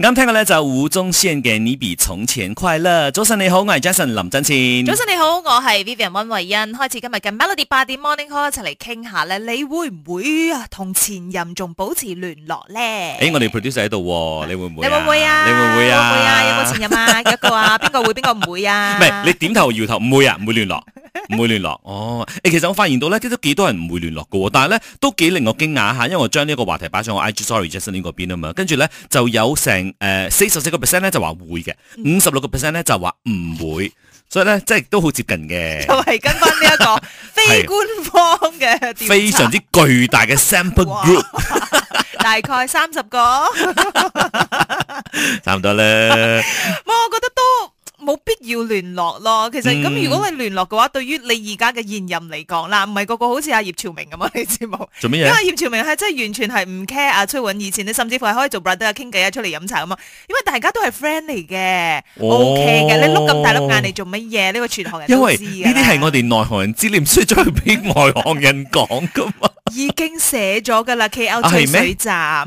啱、嗯、聽嘅咧就係胡宗憲嘅你比從前快樂。早晨你好，我係 Jason 林振倩。早晨你好，我係 Vivian 溫慧欣。開始今日嘅 Melody 八點 Morning Call 一齊嚟傾下咧，你會唔會啊同前任仲保持聯絡咧？誒、欸，我哋 Producer 喺度、哦，你會唔會？你會唔會啊？你會唔會、啊、會啊？有冇前任啊？ 一個啊？邊個會？邊個唔會啊？唔係 你點頭搖頭唔會啊？唔會聯絡，唔 會聯絡。哦、欸，其實我發現到咧，都都幾多人唔會聯絡嘅，但係咧都幾令我驚訝下，因為我將呢個話題擺上我 IG Sorry Jason 呢個邊啊嘛，跟住咧就有成。誒，四十四個 percent 咧就話會嘅，五十六個 percent 咧就話唔會，所以咧即係都好接近嘅。就係跟翻呢一個非官方嘅調查， 非常之巨大嘅 sample group，大概三十個，差唔多咧。 要聯絡咯，其實咁如果你聯絡嘅話，嗯、對於你而家嘅現任嚟講啦，唔係個個好似阿葉朝明咁啊，你知冇？做咩嘢？因為葉朝明係真係完全係唔 care 阿崔允以前，你甚至乎係可以做 brother 啊，傾偈啊，出嚟飲茶啊嘛。因為大家都係 friend 嚟嘅，哦，OK 嘅。你碌咁大碌眼嚟做乜嘢？呢個全行人都知嘅。因為呢啲係我哋內行人之念，所以再去俾外行人講噶嘛。 已經寫咗噶啦，K L 出水站。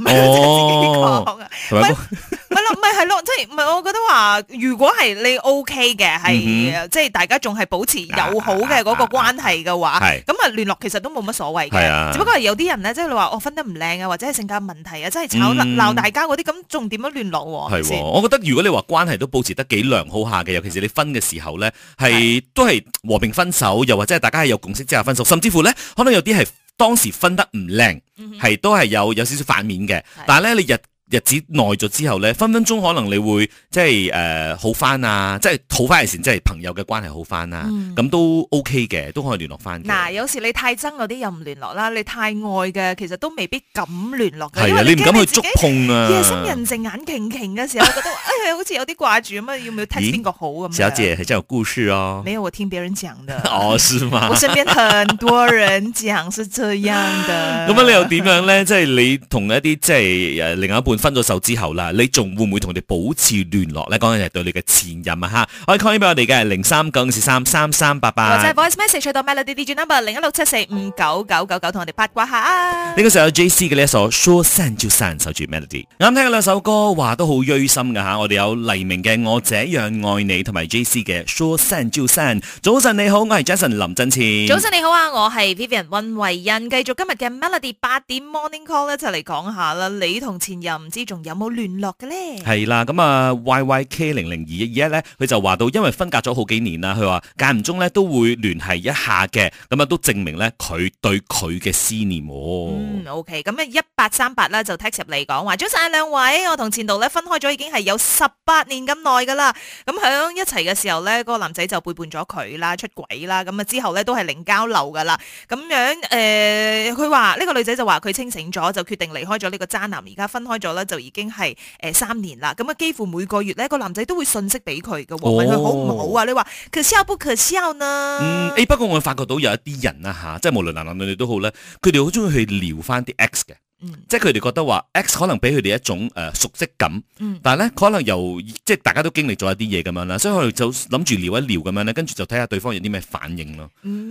咪咯，咪係咯，即係咪？我覺得話，如果係你 OK 嘅，係即係大家仲係保持友好嘅嗰個關係嘅話，咁啊聯絡其實都冇乜所謂嘅。只不過係有啲人咧，即係你話我分得唔靚啊，或者係性格問題啊，即係吵鬧、鬧大交嗰啲，咁仲點樣聯絡先？我覺得如果你話關係都保持得幾良好下嘅，尤其是你分嘅時候咧，係都係和平分手，又或者係大家係有共識之下分手，甚至乎咧，可能有啲係當時分得唔靚，係都係有有少少反面嘅。但係咧，你日日子耐咗之後咧，分分鐘可能你會即係誒好翻啊，即係好翻嘅時，即係朋友嘅關係好翻啊，咁、嗯、都 OK 嘅，都可以聯絡翻。嗱、啊，有時你太憎嗰啲又唔聯絡啦，你太愛嘅其實都未必敢聯絡嘅，啊、因為你唔敢去觸碰啊。夜深人靜眼光光嘅時候，覺得、 哎、好似有啲掛住咁啊，要唔要聽邊個好咁？咦小姐，係真有故事哦。沒有，我聽別人講的。哦， 是嗎？ 我身邊很多人講是這樣的。咁啊，你又點樣咧？即係你同一啲即係誒另外一半。分咗手之後啦，你仲會唔會同佢保持聯絡呢？講緊係對你嘅前任啊！吓、啊，可以 call 起俾我哋嘅零三九五四三三三八八，或者 voice message 到 Melody Digi number 零一六七四五九九九九，同我哋八卦下啊。呢個時候有 J C 嘅呢一首《說散就散》，收住 Melody。啱聽嘅兩首歌，話都好鋭心嘅吓、啊，我哋有黎明嘅《我這樣愛你》同埋 J C 嘅《說散就散》。早晨你好，我係 Jason 林振前。早晨你好啊，我係 Vivian 溫慧欣。繼續今日嘅 Melody 八點 Morning Call 咧，就嚟講下啦，你同前任。唔知仲有冇聯絡嘅咧？係啦，咁啊，Y Y K 零零二一咧，佢就話到，因為分隔咗好幾年啦，佢話間唔中咧都會聯繫一下嘅，咁啊都證明咧佢對佢嘅思念哦。嗯，OK，咁啊一八三八咧就 text 入嚟講話，早晨啊兩位，我同前度咧分開咗已經係有十八年咁耐噶啦，咁響一齊嘅時候咧，個男仔就背叛咗佢啦，出軌啦，咁啊之後咧都係零交流噶啦，咁樣誒，佢話呢個女仔就話佢清醒咗，就決定離開咗呢個渣男，而家分開咗。就已經係誒三年啦，咁啊幾乎每個月咧個男仔都會信息俾佢嘅，問佢好唔好啊？哦、你話可笑不可笑呢？嗯、欸，不過我發覺到有一啲人啦吓、啊，即係無論男男女女都好咧，佢哋好中意去撩翻啲 X 嘅。即係佢哋覺得話 X 可能俾佢哋一種誒熟悉感，但係咧可能由即係大家都經歷咗一啲嘢咁樣啦，所以佢就諗住聊一聊咁樣咧，跟住就睇下對方有啲咩反應咯。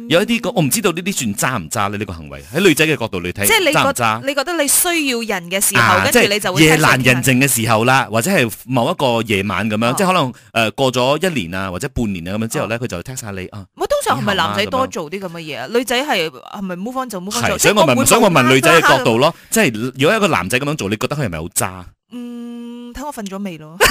有一啲我唔知道呢啲算渣唔渣咧？呢個行為喺女仔嘅角度嚟睇，渣唔渣？即係你覺得你需要人嘅時候，跟住你就夜闌人靜嘅時候啦，或者係某一個夜晚咁樣，即係可能誒過咗一年啊或者半年啊咁樣之後咧，佢就聽晒你啊。咁啊，通常係咪男仔多做啲咁嘅嘢啊？女仔係係咪 move on 就 move on？所以我想問，我想問女仔嘅角度咯。如果有一個男仔咁樣做，你覺得佢係咪好渣？嗯。睇我瞓咗未咯？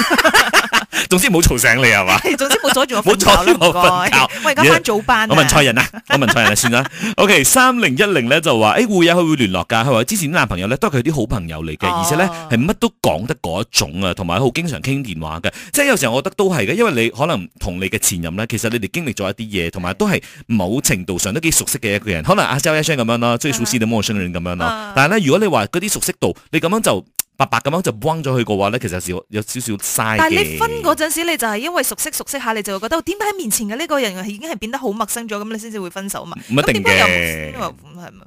總之冇嘈醒你係嘛？ 總之冇阻住我，冇阻住我瞓覺。 我而家翻早班我人。我問錯人啊，我問錯人啊，算、okay, 啦。O K，三零一零咧就話，誒、欸、會啊，佢會聯絡噶。佢話之前啲男朋友咧都係佢啲好朋友嚟嘅、啊，而且咧係乜都講得嗰一種啊，同埋好經常傾電話嘅。即係有時候我覺得都係嘅，因為你可能同你嘅前任咧，其實你哋經歷咗一啲嘢，同埋是都係某程度上都幾熟悉嘅一個人。嗯、可能阿周 H 咁樣啦，嗯、最熟悉嘅陌生人咁樣啦。嗯、但係咧，如果你話嗰啲熟悉度，你咁樣就。白白咁樣就彎咗佢嘅話咧，其實係有少少嘥。但係你分嗰陣時，你就係因為熟悉熟悉下，你就會覺得點解面前嘅呢個人已經係變得好陌生咗，咁你先至會分手嘛？唔一定嘅，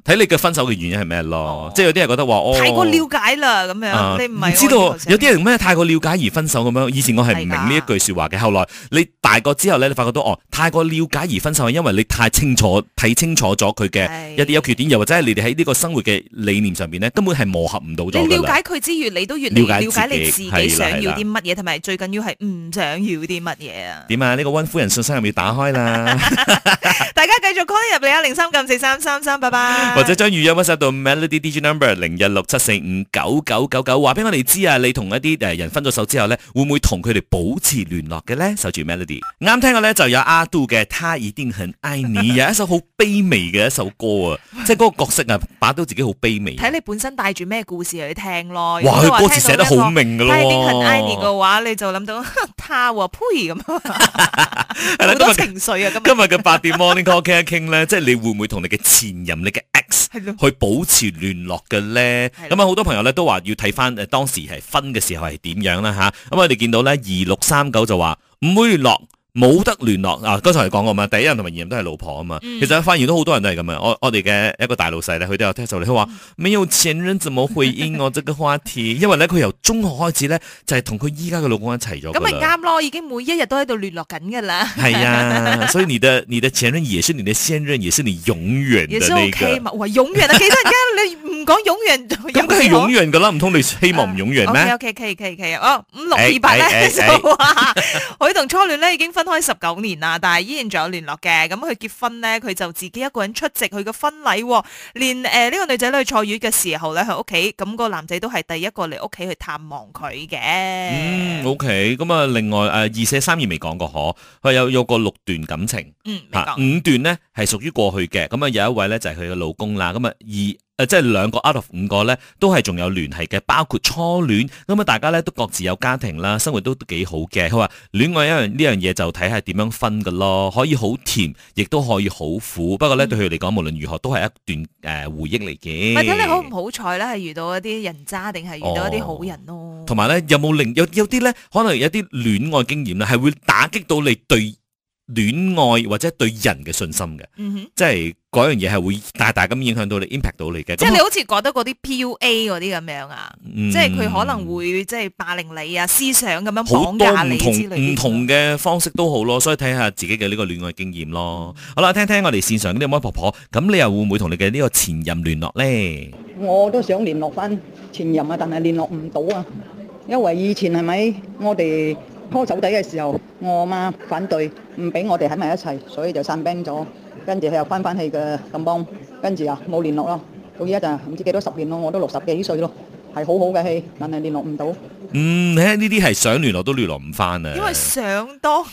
睇你嘅分手嘅原因係咩咯？哦、即係有啲人覺得話哦，太過了解啦咁樣，啊、你唔係知道有啲人咩太過了解而分手咁樣。以前我係唔明呢一句說話嘅，後來你大個之後咧，你發覺到哦，太過了解而分手，係的、哦、因為你太清楚睇清楚咗佢嘅一啲有缺點，又或者係你哋喺呢個生活嘅理念上邊咧，根本係磨合唔到咗了解佢越你都越了解你自己想要啲乜嘢，同埋最緊要係唔想要啲乜嘢啊？點啊？呢個溫夫人信箱係咪要打開啦！大家繼續 call 入嚟啊，零三九四三三三，拜拜。或者將語音 WhatsApp 到 Melody DJ Number 零一六七四五九九九九，話俾我哋知啊，你同一啲誒人分咗手之後咧，會唔會同佢哋保持聯絡嘅咧？守住 Melody。啱聽過咧，就有阿杜嘅《他已經很愛你》，有一首好卑微嘅一首歌啊，即係嗰個角色啊，把到自己好卑微。睇你本身帶住咩故事去聽咯。哇！佢歌詞寫得好明噶咯，但係邊群 i d 嘅話，你就諗到他和佩咁。係咪多情緒呀？今日嘅八點 Morning Call 傾一傾咧，即係你會唔會同你嘅前任、你嘅 ex 去保持聯絡嘅咧？咁啊的，好多朋友咧都話要睇翻誒，當時係分嘅時候係點樣啦吓。咁我哋見到咧二六三九就話唔會聯絡。冇得聯絡啊！剛才係講過嘛，第一任同埋二任都係老婆啊嘛。其實發現到好多人都係咁樣！我我哋嘅一個大老細咧，佢都有聽受嚟。佢話，冇前任就冇回應，我得個花田。因為咧，佢由中學開始咧，就係同佢依家嘅老公一齊咗。咁咪啱咯，已經每一日都喺度聯絡緊㗎啦。係啊，所以你的你的前任也是你嘅先任，也是你永遠。也是 o 永遠啊，其實而家你唔講永遠，根本係永遠嘅啦，唔通你希望唔永遠咩？奇奇奇奇奇哦！五六二八咧，數啊！我同初戀咧已經分開十九年啦，但係依然仲有聯絡嘅。咁佢結婚咧，佢就自己一個人出席佢嘅婚禮。連誒呢個女仔去坐月嘅時候咧，佢屋企咁個男仔都係第一個嚟屋企去探望佢嘅。嗯，OK。咁啊，另外誒，二舍三二未講過嗬，佢有有個六段感情。嗯，五段呢係屬於過去嘅。咁啊，有一位呢，就係佢嘅老公啦。咁啊二。誒、呃，即係兩個 out of 五個咧，都係仲有聯繫嘅，包括初戀。咁、嗯、啊，大家咧都各自有家庭啦，生活都都幾好嘅。佢話戀愛一樣呢樣嘢，就睇下點樣分噶咯，可以好甜，亦都可以好苦。不過咧，嗯、對佢嚟講，無論如何都係一段誒、呃、回憶嚟嘅。咪睇你好唔好彩啦，係遇到一啲人渣定係遇到一啲好人咯。同埋咧，有冇另有有啲咧，可能有啲戀愛經驗咧，係會打擊到你對戀愛或者對人嘅信心嘅，嗯、哼即係嗰樣嘢，係會大大咁影響到你 impact 到你嘅。即係你好似覺得嗰啲 PUA 嗰啲咁樣啊，嗯、即係佢可能會即係霸凌你啊，思想咁樣綁架你之類。唔同嘅方式都好咯，所以睇下自己嘅呢個戀愛經驗咯。好啦，聽聽我哋線上嗰啲阿婆婆，咁你又會唔會同你嘅呢個前任聯絡咧？我都想聯絡翻前任啊，但係聯絡唔到啊，因為以前係咪我哋？拖手底嘅時候，我媽反對，唔俾我哋喺埋一齊，所以就散兵咗。跟住佢又翻返去嘅金邦，跟住啊，冇聯絡咯。到依家就唔知幾多十年咯，我都六十幾歲咯，係好好嘅戲，但係聯絡唔到。嗯，呢啲係想聯絡都聯絡唔翻啊！因為上多，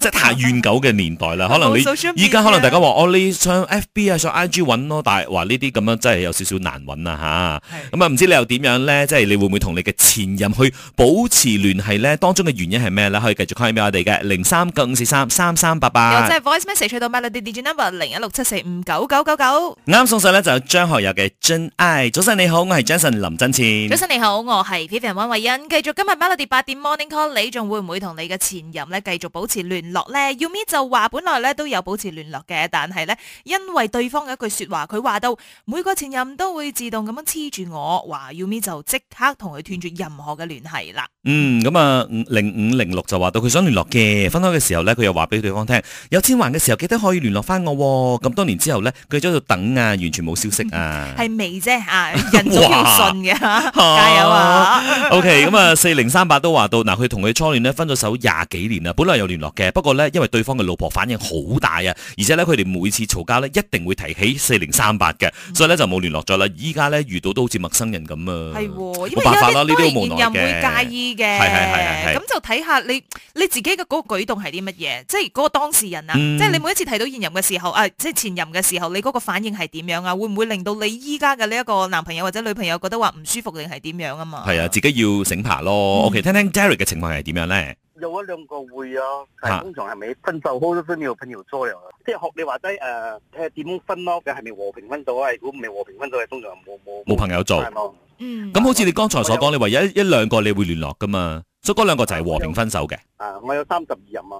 即係太遠久嘅年代啦。 可能你依家可能大家話 哦，你上 F B 啊，上 I G 揾咯，但係話呢啲咁樣真係有少少難揾啊吓，咁啊是，唔、嗯、知你又點樣咧？即係你會唔會同你嘅前任去保持聯繫咧？當中嘅原因係咩咧？可以繼續 call 俾我哋嘅零三九五四三三三八八，或者 voice message 去到 Melody digital number 零一六七四五九九九九。啱送上咧，就有張學友嘅《真愛》。早晨你好，我係 Jason 林振錢。早晨你好，我係 Vivian 温慧欣。繼續今日 Melody 八點 Morning Call，你仲會唔會同你嘅前任咧繼續保持聯絡咧？Yumi 就話本來咧都有保持聯絡嘅，但係咧因為對方嘅一句說話，佢話到每個前任都會自動咁樣黐住我，話 Yumi 就即刻同佢斷絕任何嘅聯繫啦。嗯，咁啊零五零六就話到佢想聯絡嘅，分開嘅時候咧佢又話俾對方聽有錢還嘅時候記得可以聯絡翻我，咁多年之後咧佢喺度等啊，完全冇消息啊，係未啫啊，人總要信嘅，加油啊！OK，咁啊。四零三八都話到，嗱，佢同佢初戀咧分咗手廿幾年啦，本來有聯絡嘅，不過咧因為對方嘅老婆反應好大啊，而且咧佢哋每次吵架咧一定會提起四零三八嘅，嗯、所以咧就冇聯絡咗啦。依家咧遇到都好似陌生人咁啊，係喎、哦，冇辦法啦，呢啲都冇人會介意嘅。係係係，咁就睇下你你自己嘅嗰個舉動係啲乜嘢，即係嗰個當事人啊，即係、嗯、你每一次提到現任嘅時候，啊、呃，即、就、係、是、前任嘅時候，你嗰個反應係點樣啊？會唔會令到你依家嘅呢一個男朋友或者女朋友覺得話唔舒服定係點樣啊？嘛，係啊，自己要醒。咯，我嚟聽聽 Jerry 嘅情況係點樣咧？有一兩個會啊，但係通常係咪分手好多都冇朋友做啊？即係學你話齋誒，睇下點分咯？嘅係咪和平分手啊？如果唔係和平分手，通常冇冇冇朋友做係嘛？嗯，咁好似你剛才所講，你唯一一兩個你會聯絡噶嘛？所以嗰兩個就係和平分手嘅。啊，我有三十二任啊！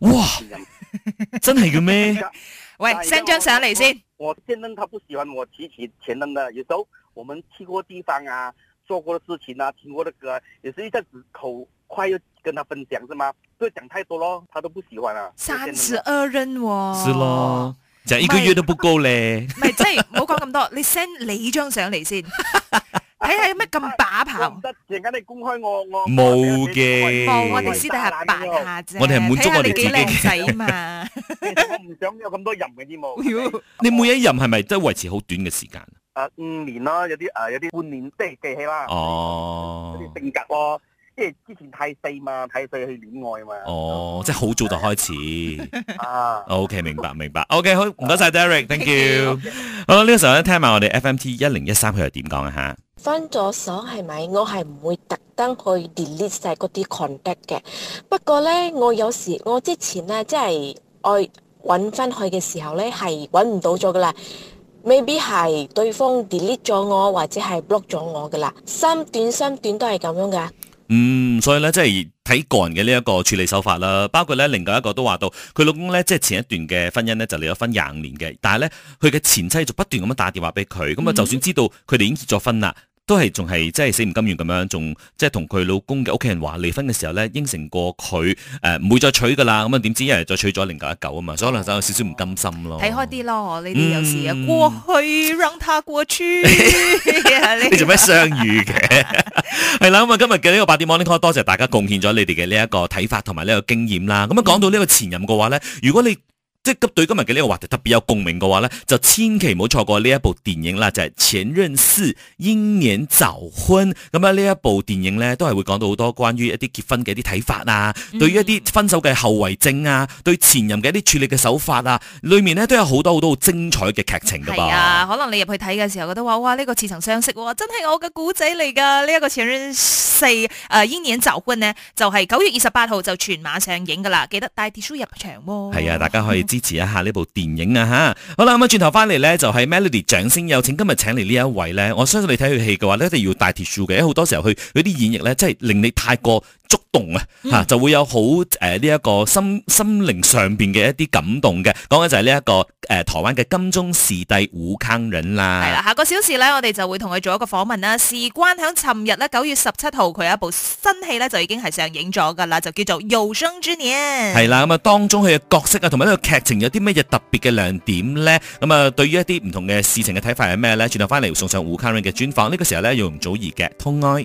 哇，真係嘅咩？喂，send 張相嚟先。我前任他不喜歡我提起前任的，有時候我們去過地方啊。做過的事情啊，聽過的歌，也是一下子口快又跟他分享，啫嘛，會講太多咯，他都不喜歡啊。三十二任喎，是咯，講一個月都不夠咧。唔係，即係唔好講咁多，你 send 你張相嚟先，睇下有咩咁把炮。陣間你公開我我冇嘅，放我哋私底下扮下啫，睇下幾靚仔嘛。我唔想有咁多任嘅啲。你每一任係咪都維持好短嘅時間？啊五年啦，有啲啊有啲半年，即係記起啦。哦，嗰啲性格咯，即係之前太細嘛，太細去戀愛嘛。哦，即係好早就開始。啊，OK 明白明白。OK 好，唔該晒 Derek，Thank you。好啦，呢個時候咧，聽埋我哋 FMT 一零一三佢又點講啊吓？分咗手係咪？我係唔會特登去 delete 晒嗰啲 contact 嘅。不過咧，我有時我之前咧，即係我揾翻去嘅時候咧，係揾唔到咗噶啦。未必係對方 delete 咗我，或者係 block 咗我噶啦。三段三段都係咁樣噶。嗯，所以咧，即係睇個人嘅呢一個處理手法啦。包括咧，另外一個都話到，佢老公咧，即係前一段嘅婚姻咧，就離咗婚廿五年嘅，但係咧，佢嘅前妻就不斷咁樣打電話俾佢，咁啊、mm，hmm. 就算知道佢哋已經結咗婚啦。都係仲係即係死唔甘願咁樣，仲即係同佢老公嘅屋企人話離婚嘅時候咧，應承過佢誒唔會再娶噶啦。咁啊點知一日再娶咗零九一九啊嘛，哦、所以可能就有少少唔甘心咯。睇開啲咯，呢啲有時啊、嗯、過去，讓他過去。 你做咩相遇嘅？係 啦，咁、嗯、啊今日嘅呢個八點 Morning Call，多謝大家貢獻咗你哋嘅呢一個睇法同埋呢個經驗啦。咁啊講到呢個前任嘅話咧，如果你.即係對今日嘅呢個話題特別有共鳴嘅話咧，就千祈唔好錯過呢一部電影啦，就係、是《前任四：英年早婚》。咁啊，呢一部電影咧都係會講到好多關於一啲結婚嘅一啲睇法啊，嗯、對於一啲分手嘅後遺症啊，對前任嘅一啲處理嘅手法啊，裏面咧都有好多好多，好多好精彩嘅劇情噶噃。係啊，可能你入去睇嘅時候，覺得話，哇，呢、呢個似曾相識，真係我嘅古仔嚟噶，呢一個前任。係誒，煙影流光咧，就係九月二十八號就全馬上映噶啦。記得帶鐵書入場喎。係啊，大家可以支持一下呢部電影啊！吓、嗯，好啦咁啊，轉頭翻嚟咧，就係 Melody 掌聲，有請今日請嚟呢一位咧。我相信你睇佢戲嘅話咧，一定要帶鐵書嘅，因為好多時候佢啲演繹咧，真係令你太過觸動、嗯、啊！嚇，就會有好誒呢一個心心靈上邊嘅一啲感動嘅。講緊就係呢一個誒、呃、台灣嘅金鐘視帝胡坑仁啦。係啦，下個小時咧，我哋就會同佢做一個訪問啦。事關響尋日咧，九月十七號。佢有一部新戲咧，就已經係上映咗噶啦，就叫做《有生之年》。係啦，咁啊，當中佢嘅角色啊，同埋呢個劇情有啲乜嘢特別嘅亮點咧？咁啊，對於一啲唔同嘅事情嘅睇法係咩咧？轉頭翻嚟送上胡卡瑞嘅專訪。呢、這個時候咧，容祖兒嘅《痛愛》。